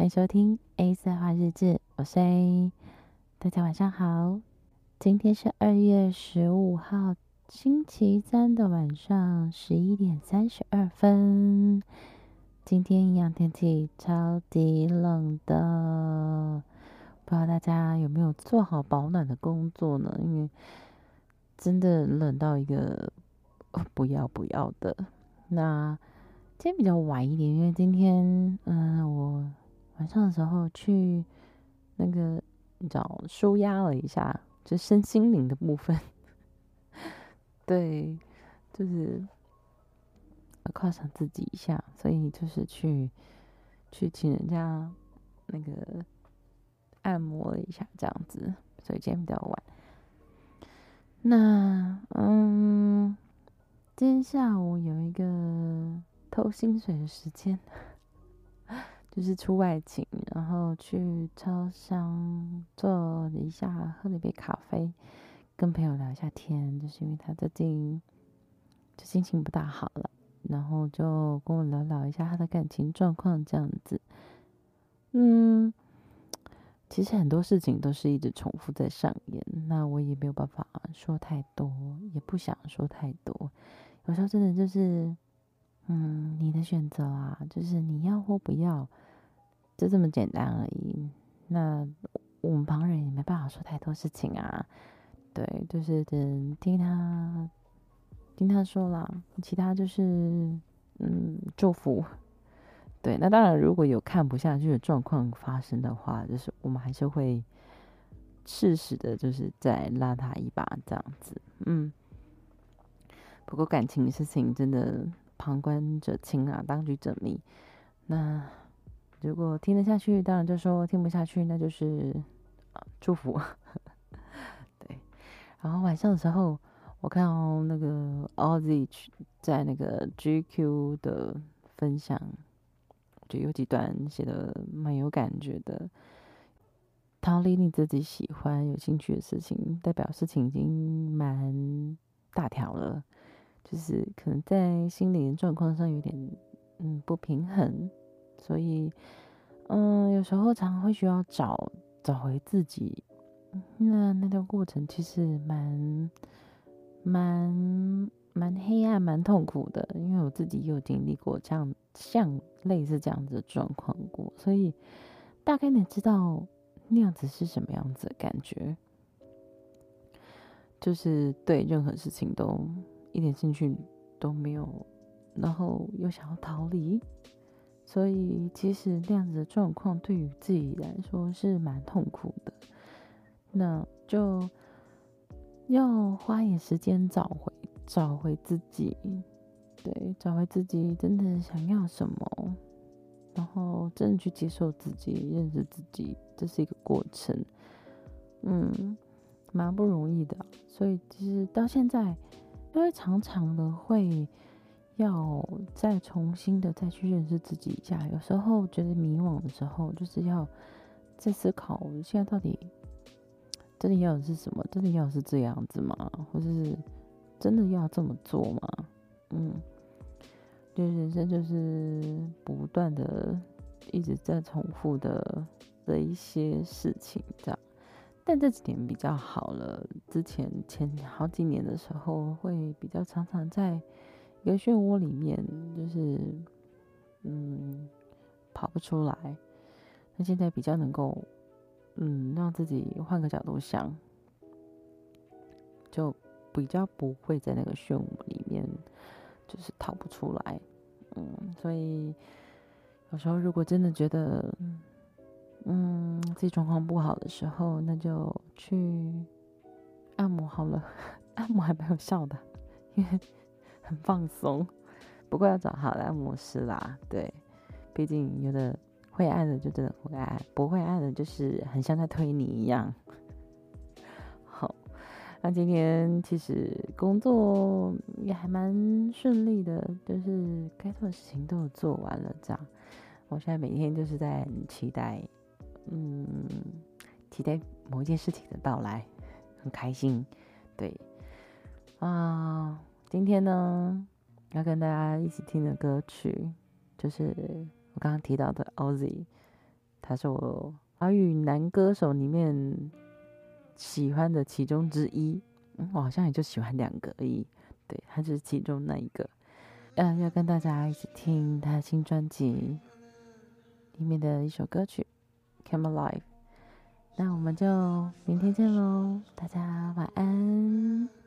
歡迎收聽《A 色畫日誌》，我是 A。大家晚上好，今天是二月十五號星期三的晚上十一點三十二分。今天一樣天氣超級冷的，不知道大家有沒有做好保暖的工作呢？因為真的冷到一個不要不要的。那今天比較晚一點，因為今天嗯。呃上的時候去那個，你知道，舒壓了一下，就身心靈的部分， 對，就是犒賞自己一下，所以就是去去請人家那個按摩了一下，這樣子，所以今天比較晚。那嗯，今天下午有一個偷薪水的時間。就是出外景，然後去超商坐一下，喝了一杯咖啡，跟朋友聊一下天。就是因為他最近就心情不大好了，然後就跟我聊聊一下他的感情狀況，這樣子。嗯，其實很多事情都是一直重複在上演，那我也沒有辦法說太多，也不想說太多。有時候真的就是。嗯，你的選擇啊，就是你要或不要，就這麼簡單而已。那我們旁人也沒辦法說太多事情啊。對，就是等聽他聽他說了，其他就是嗯祝福。對，那當然，如果有看不下去的狀況發生的話，就是我們還是會適時的，就是再拉他一把這樣子。嗯，不過感情的事情真的。旁觀者清啊，當局者迷。那如果聽得下去，當然就說聽不下去，那就是啊祝福。 對。然後晚上的時候，我看到那個 OZI 在那個 GQ 的分享，就有幾段寫的蠻有感覺的。逃離你自己喜歡、有興趣的事情，代表事情已經蠻大條了，就是可能在心理的狀況上有點，嗯，不平衡，所以，嗯，有時候常會需要找找回自己。那那段過程其實蠻、蠻、蠻、蠻黑暗、蠻痛苦的，因為我自己也有經歷過這樣像、像類似這樣子的狀況過，所以大概你知道那樣子是什麼樣子的感覺，就是對任何事情都一點興趣都沒有，然後又想要逃離，所以其實那樣子的狀況對於自己來說是蠻痛苦的，那就要花一點時間找回找回自己，對，找回自己真的想要什麼，然後真的去接受自己、認識自己，這是一個過程，嗯，蠻不容易的。所以其實到現在。因為常常的會要再重新的再去認識自己一下，有時候覺得迷惘的時候，就是要再思考現在到底真的要的是什麼，真的要是這樣子嗎？或者是真的要這麼做嗎？嗯，就是人生就是不斷的一直在重複的的一些事情這樣。現在這幾年比較好了，之前前好幾年的時候，會比較常常在一個漩渦裡面，就是嗯，跑不出來。那現在比較能夠嗯，讓自己換個角度想，就比較不會在那個漩渦裡面，就是逃不出來。嗯，所以有時候如果真的覺得。嗯，自己狀況不好的時候，那就去按摩好了，按摩還蠻有效的，因為很放鬆。不過要找好的按摩師啦，對，畢竟有的會按的就真的會按，不會按的就是很像在推你一樣。好，那今天其實工作也還蠻順利的，就是該做的事情都有做完了，這樣。我現在每天就是在很期待。嗯，期待某一件事情的到來，很開心。對，啊，今天呢，要跟大家一起聽的歌曲，就是我剛剛提到的 OZI，他是我華語男歌手裡面喜歡的其中之一。嗯，我好像也就喜歡兩個而已。對，他就是其中那一個。嗯，要跟大家一起聽他新專輯裡面的一首歌曲。Come Alive。那我們就明天見嘍，大家晚安。